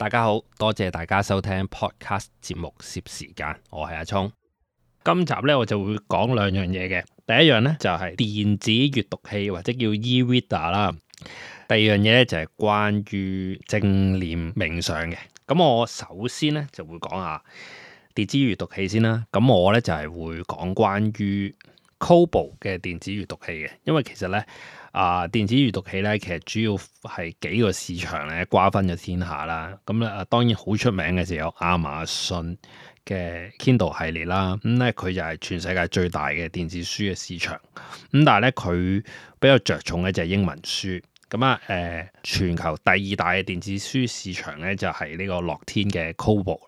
大家好多謝大家收聽 podcast 節目攝時間，我係阿聰。今集咧我就會講兩樣嘢嘅，第一樣咧就係、是、電子閱讀器或者叫 e-reader 啦。Er, 第二樣嘢咧就係、是、關於正念冥想嘅。咁我首先咧就會講下電子閱讀器先啦。咁我咧就係、是、會講關於 Kobo 嘅電子閱讀器嘅，因為其實咧。啊！電子閱讀器咧，其實主要係幾個市場咧瓜分咗天下啦。咁、嗯、咧、啊、當然好出名嘅就有亞馬遜嘅 Kindle 系列啦。咁咧佢就係全世界最大嘅電子書嘅市場。咁、嗯、但係咧佢比較着重嘅就係英文書。咁啊誒，全球第二大嘅電子書市場咧就係、是、呢個樂天嘅 Kobo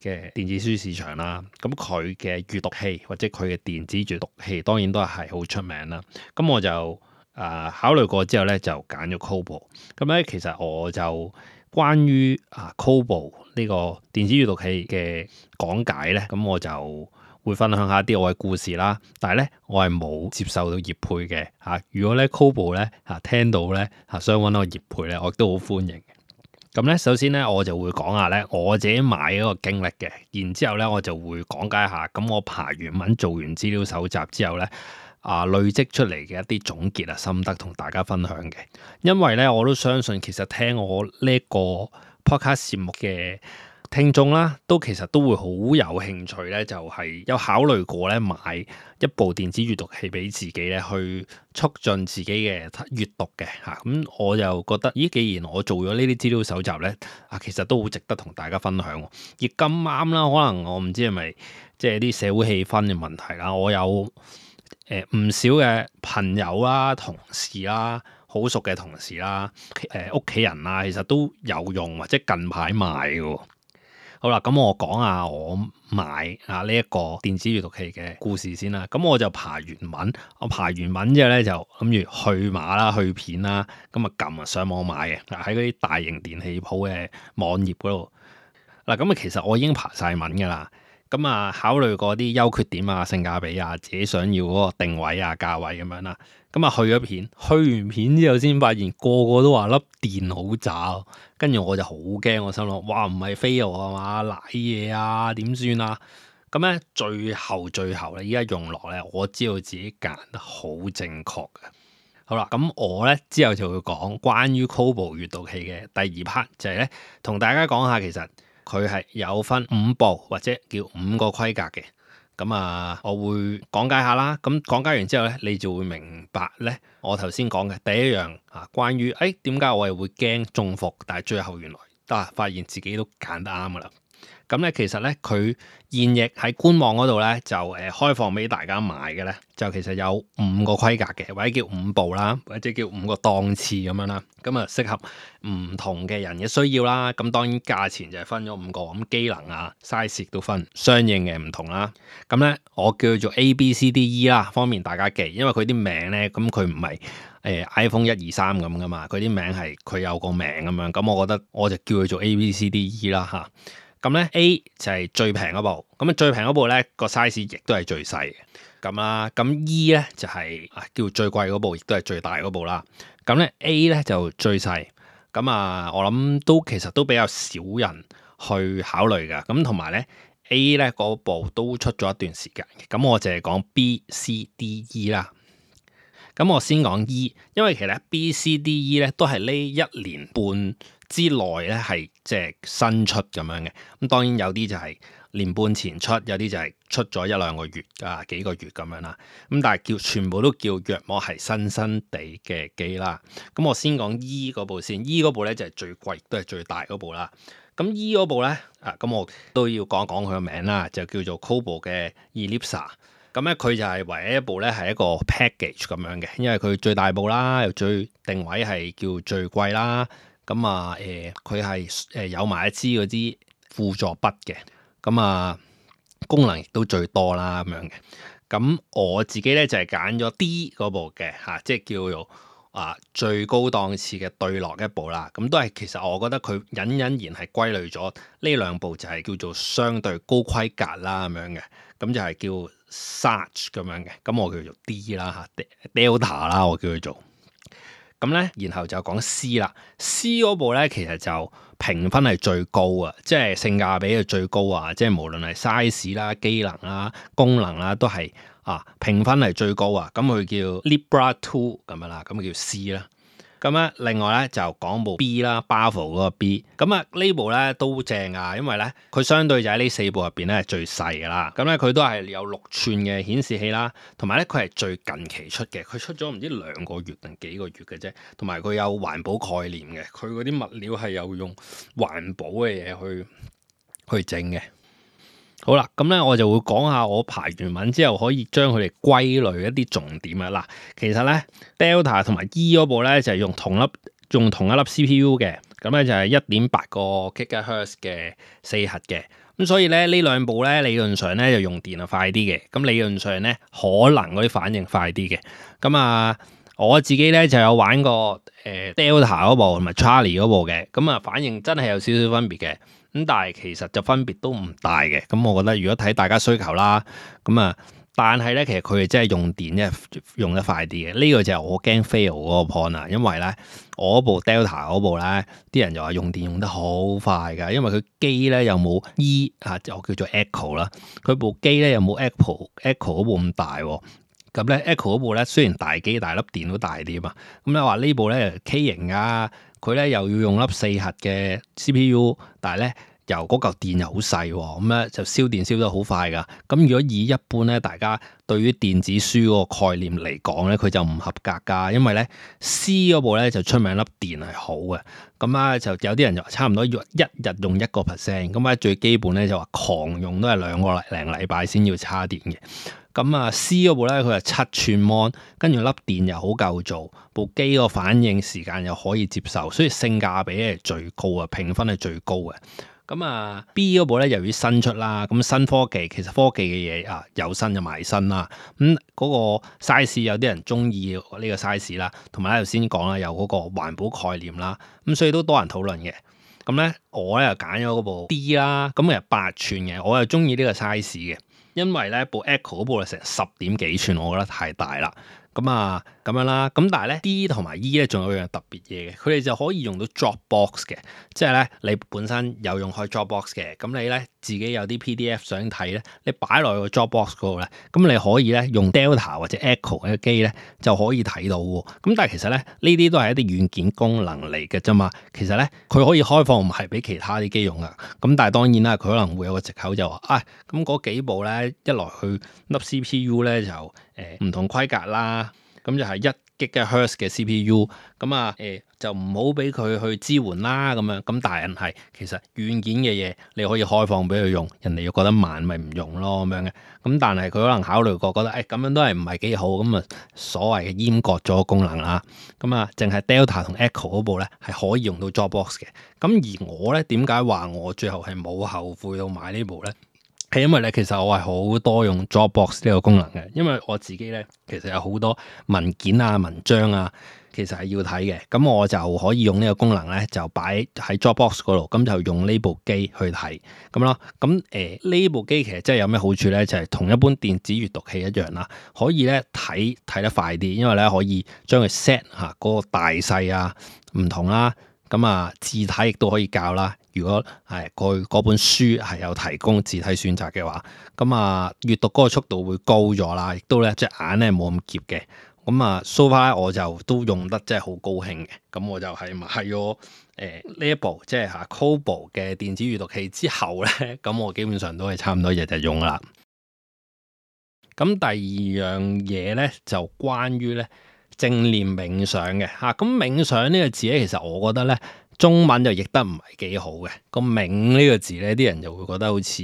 嘅電子書市場啦。咁佢嘅閱讀器或者佢嘅電子閱讀器當然都係好出名啦。咁、嗯、我就。啊，考慮過之後咧，就揀咗 Cobo。咁咧，其實我就關於啊 Cobo 呢個電子閱讀器嘅講解咧，咁、嗯、我就會分享下啲我嘅故事啦。但係咧，我係冇接受到業配嘅嚇、啊。如果咧 Cobo 咧嚇、啊、聽到咧嚇想揾我業配咧，我亦都好歡迎嘅。咁、嗯、咧，首先咧我就會講下咧我自己買嗰個經歷嘅，然之後咧我就會講解下。咁、嗯、我爬完文、做完資料搜集之後咧。啊、呃，累積出嚟嘅一啲總結啊心得，同大家分享嘅。因為咧，我都相信其實聽我呢個 podcast 節目嘅聽眾啦，都其實都會好有興趣咧，就係、是、有考慮過咧買一部電子閲讀器俾自己咧，去促進自己嘅閲讀嘅嚇。咁、啊嗯、我就覺得，咦，既然我做咗呢啲資料搜集咧，啊，其實都好值得同大家分享。而咁啱啦，可能我唔知係咪即係啲社會氣氛嘅問題啦，我有。誒唔、呃、少嘅朋友啦、啊、同事啦、啊、好熟嘅同事啦、啊、誒屋企人啦、啊，其實都有用或者近排買嘅。好啦，咁、嗯、我講下我買啊呢一個電子閱讀器嘅故事先啦。咁、嗯、我就爬完文，我爬完文之後咧就諗住去馬啦、去片啦，咁啊撳上網上買嘅。嗱喺嗰啲大型電器鋪嘅網頁嗰度。嗱咁啊，其實我已經爬晒文㗎啦。咁啊，考慮過啲優缺點啊、性價比啊、自己想要嗰個定位啊、價位咁樣啦。咁啊，去咗片，去完片之後先發現個個都話粒電好渣、啊，跟住我就好驚，我心諗哇，唔係飛我啊嘛，賴嘢啊點算啊？咁咧、啊，最後最後咧，依家用落咧，我知道自己揀得好正確嘅。好啦，咁我咧之後就會講關於 Kobo 閲讀器嘅第二 part，就係、是、咧同大家講下其實。佢係有分五步或者叫五個規格嘅咁啊，我會講解下啦。咁講解完之後咧，你就會明白咧。我頭先講嘅第一樣啊，關於誒點解我又會驚中伏，但係最後原來得、啊、發現自己都揀得啱噶啦。咁咧，其實咧，佢現役喺官網嗰度咧，就誒、呃、開放俾大家買嘅咧，就其實有五個規格嘅，或者叫五部啦，或者叫五個檔次咁樣啦。咁啊，適合唔同嘅人嘅需要啦。咁當然價錢就係分咗五個，咁機能啊、size 都分相應嘅唔同啦。咁咧，我叫佢做 A、B、C、D、E 啦，方便大家記。因為佢啲名咧，咁佢唔係誒 iPhone 一二三咁噶嘛，佢啲名係佢有個名咁樣。咁我覺得我就叫佢做 A、B、C、D、E 啦嚇。咁咧 A 就係最平嗰部，咁啊最平嗰部咧個 size 亦都係最細嘅，咁啦。咁 E 咧就係叫最貴嗰部,部，亦都係最大嗰部啦。咁咧 A 咧就最細，咁啊我諗都其實都比較少人去考慮噶。咁同埋咧 A 咧嗰部都出咗一段時間，咁我淨係講 B、C、D、E 啦。咁我先講 E，因為其實 B、C、D、E 咧都係呢一年半之內咧係。即係新出咁樣嘅，咁當然有啲就係年半前出，有啲就係出咗一兩個月啊幾個月咁樣啦。咁但係叫全部都叫約莫係新新地嘅機啦。咁我先講 E 嗰部先，E 嗰部咧就係最貴都係最大嗰部啦。咁 E 嗰部咧啊，咁我都要講一講佢個名啦，就叫做 Kobo 嘅 Elipsa。咁咧佢就係唯一一部咧係一個 package 咁樣嘅，因為佢最大部啦，又最定位係叫最貴啦。咁啊，誒佢係誒有埋一支嗰支輔助筆嘅，咁啊功能亦都最多啦咁樣嘅。咁我自己咧就係揀咗 D 嗰部嘅嚇、啊，即係叫做啊最高檔次嘅對落一部啦。咁、啊、都係其實我覺得佢隱隱然係歸類咗呢兩部就係叫做相對高規格啦咁、啊、樣嘅。咁、啊、就係、是、叫 Such 咁樣嘅，咁我叫做 D 啦、啊、嚇，Delta 啦我叫佢做。咁咧，然後就講 C 啦，C 嗰部咧，其實就評分係最高啊，即係性價比係最高啊，即係無論係 size 啦、機能啦、功能啦，都係啊，評分係最高啊，咁佢叫 Libra 2咁樣啦，咁佢叫 C 啦。咁咧，另外咧就講部 B 啦，Bavell 嗰個 B。咁啊，呢部咧都正啊，因為咧佢相對就喺呢四部入邊咧係最細噶啦。咁咧佢都係有六寸嘅顯示器啦，同埋咧佢係最近期出嘅，佢出咗唔知兩個月定幾個月嘅啫。同埋佢有環保概念嘅，佢嗰啲物料係有用環保嘅嘢去去整嘅。好啦，咁咧我就會講下我排完文之後可以將佢哋歸類一啲重點啊！嗱，其實咧 Delta 同埋 E 嗰部咧就係用同粒用同一粒 CPU 嘅，咁咧就係一點八個 Kilohertz 嘅四核嘅，咁所以咧呢兩部咧理論上咧就用電啊快啲嘅，咁理論上咧可能嗰啲反應快啲嘅，咁啊。我自己咧就有玩過誒、呃、Delta 嗰部同埋 Charlie 嗰部嘅，咁、嗯、啊反應真係有少少分別嘅，咁但係其實就分別都唔大嘅。咁、嗯、我覺得如果睇大家需求啦，咁、嗯、啊，但係咧其實佢哋真係用電咧用得快啲嘅。呢、這個就係我驚 fail 嗰個 point 啊，因為咧我部 Delta 嗰部咧，啲人又話用電用得好快㗎，因為佢機咧又冇 E，我 Echo，又 le, 那那啊，又叫做 Echo 啦，佢部機咧又冇 Apple Echo 嗰部咁大。咁咧，Echo 嗰部咧，雖然大機大粒電都大啲嘛，咁咧話呢部咧 K 型啊，佢咧又要用粒四核嘅 CPU，但係咧由嗰嚿電又好細喎，咁、嗯、咧就燒電燒得好快㗎。咁、嗯、如果以一般咧大家對於電子書嗰個概念嚟講咧，佢就唔合格㗎，因為咧 C 嗰部咧就出名粒電係好嘅，咁、嗯、啊就有啲人就差唔多一一日用一個 percent，咁啊最基本咧就話狂用都係兩個零禮拜先要叉電嘅。咁啊 C 嗰部咧，佢係七寸 mon，跟住粒電又好夠做，部機個反應時間又可以接受，所以性價比係最高啊，評分係最高嘅。咁啊、uh, B 嗰部咧，由於新出啦，咁新科技其實科技嘅嘢啊有新就賣新啦。咁嗰個 size 有啲人中意呢個 size 啦，同埋咧頭先講啦，有嗰個環保概念啦，咁所以都多人討論嘅。咁咧我咧又揀咗嗰部 D 啦，咁其實八寸嘅，我又中意呢個 size 嘅。因為咧、e、部 Echo 嗰部係成十點幾吋，我覺得太大啦，咁啊。咁樣啦，咁但係咧 D 同埋 E 咧，仲有一樣特別嘢嘅，佢哋就可以用到 Dropbox 嘅，即係咧你本身有用開 Dropbox 嘅，咁你咧自己有啲 PDF 想睇咧，你擺落去個 Dropbox 度咧，咁你可以咧用 Delta 或者 Echo 嘅機咧就可以睇到喎。咁但係其實咧呢啲都係一啲軟件功能嚟嘅啫嘛，其實咧佢可以開放唔係俾其他啲機用嘅。咁但係當然啦，佢可能會有個藉口就話啊，咁、哎、嗰幾部咧一來去粒 CPU 咧就誒唔、呃、同規格啦。咁就係一吉嘅赫斯嘅 CPU，咁啊誒就唔好俾佢去支援啦咁樣，咁但係係其實軟件嘅嘢你可以開放俾佢用，人哋又覺得慢咪唔用咯咁樣嘅，咁但係佢可能考慮過覺得誒咁樣都係唔係幾好，咁啊所謂嘅閹割咗功能啦，咁啊淨係 Delta 同 Echo 嗰部咧係可以用到 JoBox 嘅，咁而我咧點解話我最後係冇後悔到買呢部咧？係因為咧，其實我係好多用 Dropbox 呢個功能嘅，因為我自己咧，其實有好多文件啊、文章啊，其實係要睇嘅，咁我就可以用呢個功能咧，就擺喺 Dropbox 嗰度，咁就用呢部機去睇咁咯。咁、嗯、誒，呢、呃、部機其實真係有咩好處咧？就係、是、同一般電子閱讀器一樣啦，可以咧睇睇得快啲，因為咧可以將佢 set 吓、啊、嗰、那個大細啊，唔同啦，咁啊字體亦都可以較啦。如果係個嗰本書係有提供字體選擇嘅話，咁啊，閲讀嗰個速度會高咗啦，亦都咧隻眼咧冇咁澀嘅。咁啊，so far 我就都用得真係好高興嘅。咁我就係買咗誒呢一部即係嚇 Cobo 嘅電子閲讀器之後咧，咁我基本上都係差唔多日日用啦。咁第二樣嘢咧就關於咧正念冥想嘅嚇，咁冥想呢個字咧，其實我覺得咧，中文就譯得唔係幾好嘅，個冥呢個字咧，啲人就會覺得好似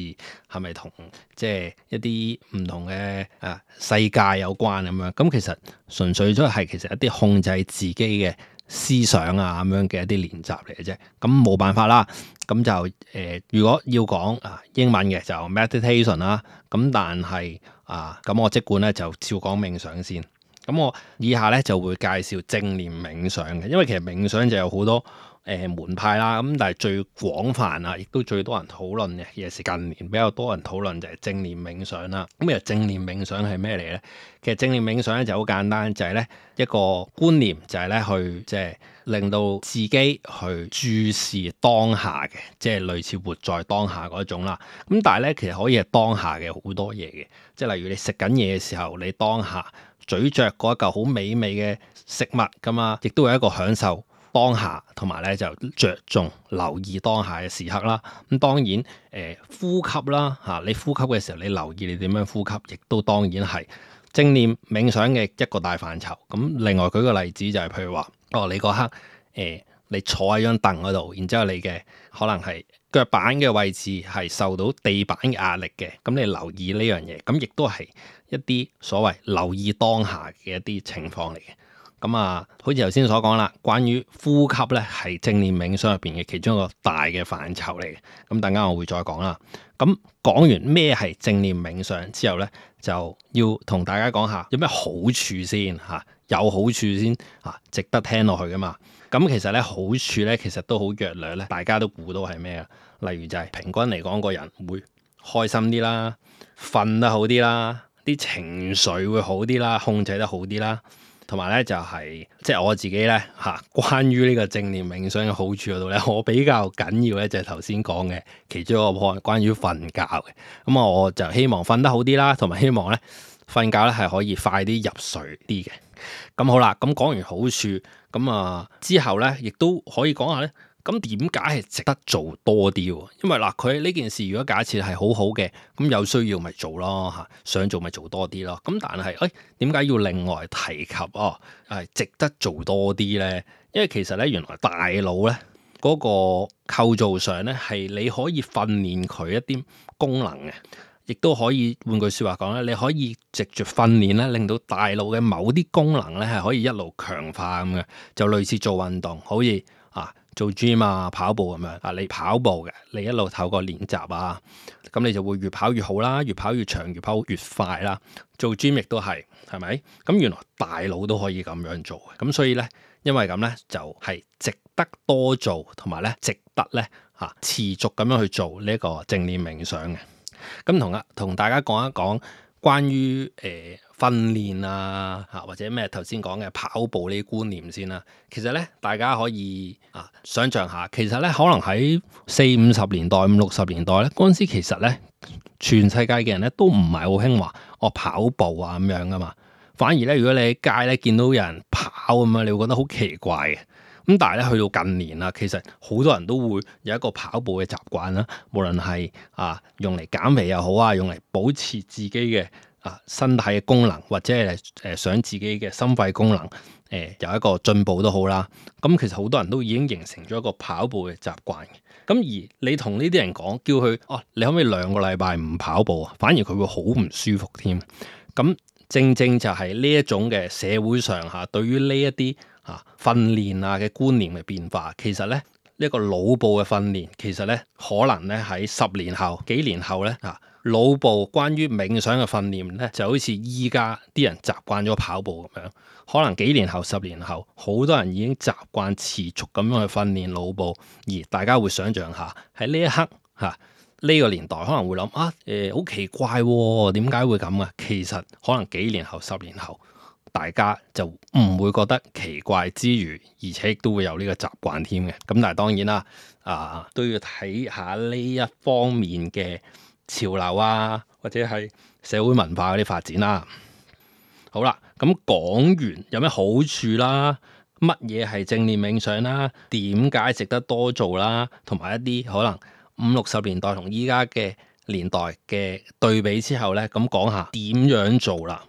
係咪同即係一啲唔同嘅啊世界有關咁樣咁、嗯。其實純粹都係其實一啲控制自己嘅思想啊咁樣嘅一啲練習嚟嘅啫。咁、嗯、冇辦法啦，咁、嗯、就誒、呃。如果要講啊英文嘅就 meditation 啦，咁、嗯、但係啊咁我即管咧就照講冥想先。咁、嗯、我以下咧就會介紹正念冥想嘅，因為其實冥想就有好多，誒、呃、門派啦，咁但係最廣泛啊，亦都最多人討論嘅，尤其是近年比較多人討論就係、是、正念冥想啦。咁其實正念冥想係咩嚟呢？其實正念冥想咧就好簡單，就係、是、咧一個觀念，就係咧去即係令到自己去注視當下嘅，即係類似活在當下嗰種啦。咁、嗯、但係咧，其實可以係當下嘅好多嘢嘅，即係例如你食緊嘢嘅時候，你當下咀嚼嗰一嚿好美味嘅食物㗎嘛，亦都係一個享受。當下，同埋咧就着重留意當下嘅時刻啦。咁、嗯、當然，誒、呃、呼吸啦嚇、啊，你呼吸嘅時候，你留意你點樣呼吸，亦都當然係正念冥想嘅一個大範疇。咁、嗯、另外舉個例子就係，譬如話，哦，你嗰刻誒、呃、你坐喺張凳嗰度，然之後你嘅可能係腳板嘅位置係受到地板嘅壓力嘅，咁、嗯、你留意呢樣嘢，咁、嗯、亦都係一啲所謂留意當下嘅一啲情況嚟嘅。咁啊，好似頭先所講啦，關於呼吸咧，係正念冥想入邊嘅其中一個大嘅範疇嚟嘅。咁、嗯、等間我會再講啦。咁、嗯、講完咩係正念冥想之後咧，就要同大家講下有咩好處先嚇、啊，有好處先嚇、啊，值得聽落去㗎嘛。咁、嗯、其實咧，好處咧，其實都好弱略咧，大家都估到係咩啊？例如就係平均嚟講，個人會開心啲啦，瞓得好啲啦，啲情緒會好啲啦，控制得好啲啦。同埋咧就係即係我自己咧吓、啊，關於呢個正念冥想嘅好處嗰度咧，我比較緊要咧就係頭先講嘅其中一個 point，關於瞓覺嘅。咁我就希望瞓得好啲啦，同埋希望咧瞓覺咧係可以快啲入睡啲嘅。咁好啦，咁講完好處，咁啊之後咧亦都可以講下咧。咁點解係值得做多啲喎？因為嗱，佢呢件事如果假設係好好嘅，咁有需要咪做咯嚇，想做咪做多啲咯。咁但係，誒點解要另外提及哦？係值得做多啲咧？因為其實咧，原來大腦咧嗰個構造上咧，係你可以訓練佢一啲功能嘅，亦都可以換句説話講咧，你可以藉住訓練咧，令到大腦嘅某啲功能咧係可以一路強化咁嘅，就類似做運動可以啊。做 gym 啊，跑步咁樣啊，你跑步嘅，你一路透過練習啊，咁你就會越跑越好啦，越跑越長，越跑越快啦。做 gym 亦都係，係咪？咁、啊、原來大腦都可以咁樣做嘅，咁、啊、所以咧，因為咁咧，就係、係、值得多做，同埋咧值得咧嚇、啊、持續咁樣去做呢一個正念冥想嘅。咁同啊，同大家講一講。關於誒、呃、訓練啊，嚇，或者咩頭先講嘅跑步呢啲觀念先啦、啊。其實咧，大家可以啊想像下，其實咧可能喺四五十年代、五六十年代咧，嗰陣時其實咧，全世界嘅人咧都唔係好興話我跑步啊咁樣㗎嘛。反而咧，如果你喺街咧見到有人跑咁樣，你會覺得好奇怪嘅。咁但係咧，去到近年啦，其實好多人都會有一個跑步嘅習慣啦。無論係啊，用嚟減肥又好啊，用嚟保持自己嘅啊身體嘅功能，或者係誒、呃、想自己嘅心肺功能誒有、呃、一個進步都好啦。咁、啊、其實好多人都已經形成咗一個跑步嘅習慣嘅。咁而你同呢啲人講，叫佢哦、啊，你可唔可以兩個禮拜唔跑步啊？反而佢會好唔舒服添。咁、啊、正正就係呢一種嘅社會上下、啊、對於呢一啲。訓練啊嘅觀念嘅變化，其實呢呢一、這個腦部嘅訓練，其實呢可能呢喺十年後、幾年後呢，啊，腦部關於冥想嘅訓練呢，就好似依家啲人習慣咗跑步咁樣，可能幾年後、十年後，好多人已經習慣持續咁樣去訓練腦部，而大家會想象下喺呢一刻嚇呢、這個年代可能會諗啊誒好、呃、奇怪喎、哦，點解會咁啊？其實可能幾年後、十年後。大家就唔會覺得奇怪之餘，而且都會有呢個習慣添嘅。咁但係當然啦，啊都要睇下呢一方面嘅潮流啊，或者係社會文化嗰啲發展啦、啊。好啦，咁講完有咩好處啦、啊，乜嘢係正念冥想啦，點解值得多做啦、啊，同埋一啲可能五六十年代同依家嘅年代嘅對比之後咧，咁講下點樣做啦、啊。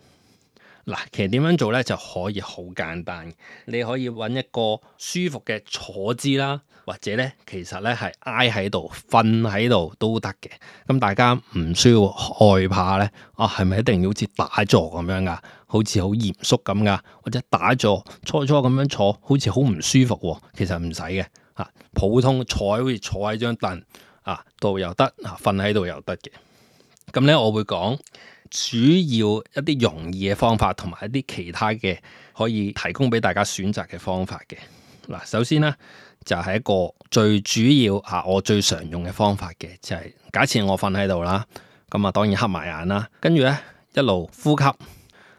嗱，其實點樣做咧就可以好簡單。你可以揾一個舒服嘅坐姿啦，或者咧其實咧係挨喺度瞓喺度都得嘅。咁大家唔需要害怕咧。啊，係咪一定要好似打坐咁樣噶？好似好嚴肅咁噶？或者打坐初初咁樣坐，好似好唔舒服喎、哦。其實唔使嘅。啊，普通坐，好似坐喺張凳啊，度又得。啊，瞓喺度又得嘅。咁咧，我會講。主要一啲容易嘅方法，同埋一啲其他嘅可以提供俾大家選擇嘅方法嘅。嗱，首先咧就係一個最主要啊，我最常用嘅方法嘅，就係假設我瞓喺度啦，咁啊當然黑埋眼啦，跟住咧一路呼吸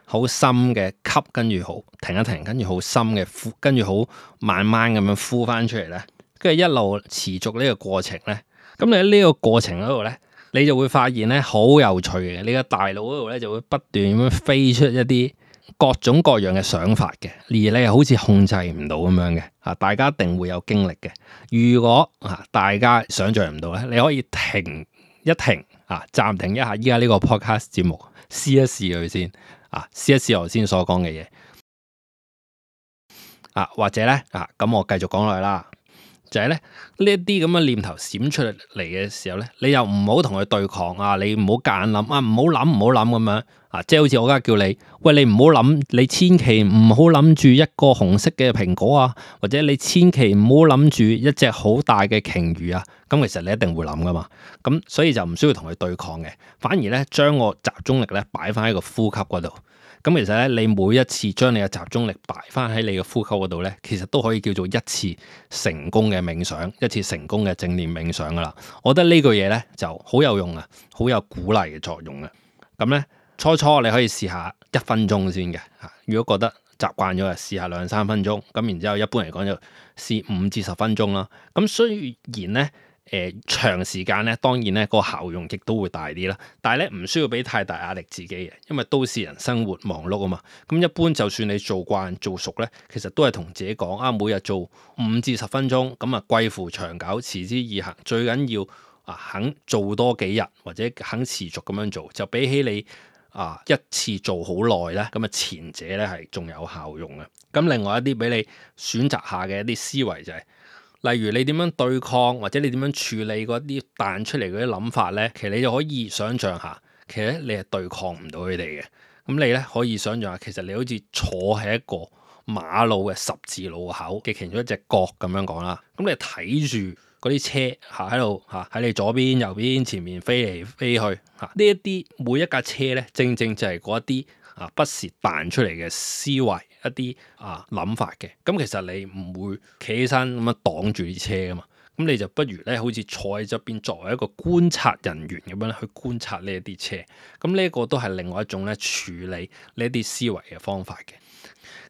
好深嘅吸，跟住好停一停，跟住好深嘅呼，跟住好慢慢咁樣呼翻出嚟咧，跟住一路持續呢個過程咧，咁你喺呢個過程嗰度咧。你就會發現咧，好有趣嘅，你個大腦嗰度咧就會不斷咁樣飛出一啲各種各樣嘅想法嘅，而你係好似控制唔到咁樣嘅。啊，大家一定會有經歷嘅。如果啊，大家想象唔到咧，你可以停一停，啊，暫停一下依家呢個 podcast 節目，試一試佢先，啊，試一試頭先所講嘅嘢，啊，或者咧，啊，咁我繼續講落去啦。就係咧，呢一啲咁嘅念頭閃出嚟嘅時候咧，你又唔好同佢對抗啊，你唔好夾硬諗啊，唔好諗唔好諗咁樣啊，即係好似我家叫你，喂，你唔好諗，你千祈唔好諗住一個紅色嘅蘋果啊，或者你千祈唔好諗住一隻好大嘅鯨魚啊，咁其實你一定會諗噶嘛，咁所以就唔需要同佢對抗嘅，反而咧將個集中力咧擺翻喺個呼吸嗰度。咁其實咧，你每一次將你嘅集中力擺翻喺你嘅呼吸嗰度咧，其實都可以叫做一次成功嘅冥想，一次成功嘅正念冥想噶啦。我覺得呢句嘢咧就好有用啊，好有鼓勵嘅作用啊。咁咧初初你可以試下一分鐘先嘅，如果覺得習慣咗啊，試下兩三分鐘。咁然之後一般嚟講就試五至十分鐘啦。咁雖然咧。誒、呃、長時間咧，當然咧個效用亦都會大啲啦。但係咧唔需要俾太大壓力自己嘅，因為都市人生活忙碌啊嘛。咁一般就算你做慣做熟咧，其實都係同自己講啊，每日做五至十分鐘咁啊，貴乎長久，持之以恆。最緊要啊肯做多幾日或者肯持續咁樣做，就比起你啊一次做好耐咧，咁、嗯、啊前者咧係仲有效用嘅。咁、嗯、另外一啲俾你選擇下嘅一啲思維就係、是。例如你點樣對抗或者你點樣處理嗰啲彈出嚟嗰啲諗法呢？其實你就可以想像下，其實你係對抗唔到佢哋嘅。咁你呢，可以想像下，其實你好似坐喺一個馬路嘅十字路口嘅其中一隻角咁樣講啦。咁你睇住嗰啲車嚇喺度嚇喺你左邊、右邊、前面飛嚟飛去嚇呢一啲每一架車呢，正正就係嗰一啲嚇不時彈出嚟嘅思維。一啲啊諗法嘅，咁其實你唔會企起身咁樣擋住啲車㗎嘛，咁你就不如咧，好似坐喺側邊作為一個觀察人員咁樣去觀察呢一啲車，咁呢一個都係另外一種咧處理呢一啲思維嘅方法嘅。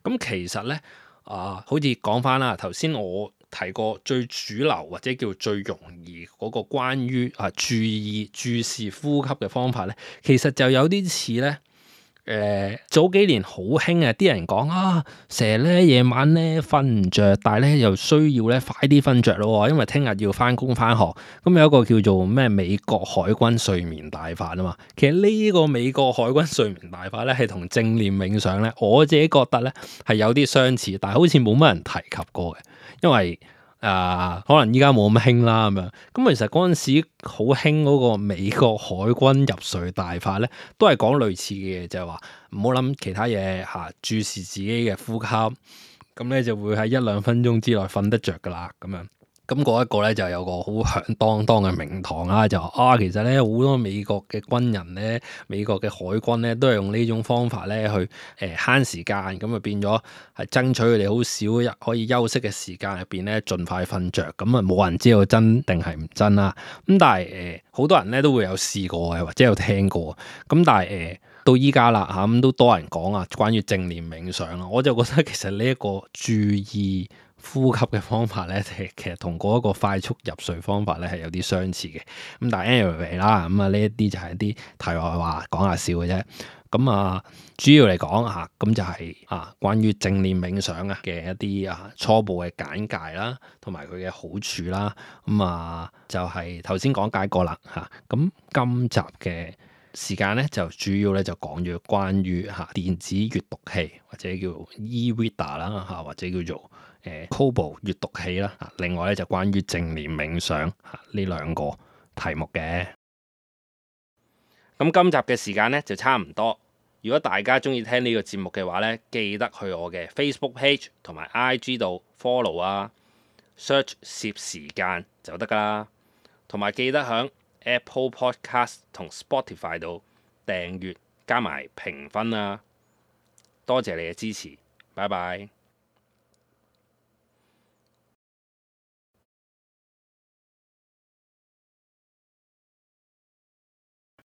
咁、嗯、其實咧啊，好似講翻啦，頭先我提過最主流或者叫最容易嗰個關於啊注意注視呼吸嘅方法咧，其實就有啲似咧。誒、呃，早幾年好興啊，啲人講啊，成日咧夜晚咧瞓唔着，但係咧又需要咧快啲瞓着咯，因為聽日要翻工翻學。咁、嗯、有一個叫做咩美國海軍睡眠大法啊嘛。其實呢個美國海軍睡眠大法咧，係同正念冥想咧，我自己覺得咧係有啲相似，但係好似冇乜人提及過嘅，因為。啊，可能依家冇咁興啦咁樣，咁其實嗰陣時好興嗰個美國海軍入睡大法咧，都係講類似嘅嘢，就係話唔好諗其他嘢嚇，啊，注視自己嘅呼吸，咁咧就會喺一兩分鐘之內瞓得着㗎喇咁樣。咁嗰一個咧就有個好響當當嘅名堂啦，就話啊，其實咧好多美國嘅軍人咧，美國嘅海軍咧，都係用呢種方法咧去誒慳、呃、時間，咁啊變咗係爭取佢哋好少可以休息嘅時間入邊咧，盡快瞓着，咁啊冇人知道真定係唔真啦。咁但係誒，好、呃、多人咧都會有試過嘅，或者有聽過。咁但係誒、呃，到依家啦吓，咁、啊、都多人講啊，關於正念冥想啦，我就覺得其實呢一個注意。呼吸嘅方法咧，其實同嗰一個快速入睡方法咧，係有啲相似嘅。咁但係 anyway 啦，咁啊呢一啲就係一啲題外話，講下笑嘅啫。咁啊，主要嚟講吓，咁、啊、就係、是、啊關於正念冥想啊嘅一啲啊初步嘅簡介啦，同埋佢嘅好處啦。咁啊就係頭先講解過啦吓。咁、啊啊、今集嘅時間咧，就主要咧就講咗關於吓、啊、電子閱讀器或者叫 e-reader 啦吓，或者叫做、e。誒 Kobo、uh, 閱讀器啦，另外咧就關於正念冥想呢兩個題目嘅。咁今集嘅時間呢，就差唔多。如果大家中意聽呢個節目嘅話呢，記得去我嘅 Facebook page 同埋 IG 度 follow 啊，search 攝時間就得噶啦。同埋記得響 Apple Podcast 同 Spotify 度訂閱加埋評分啊！多謝你嘅支持，拜拜。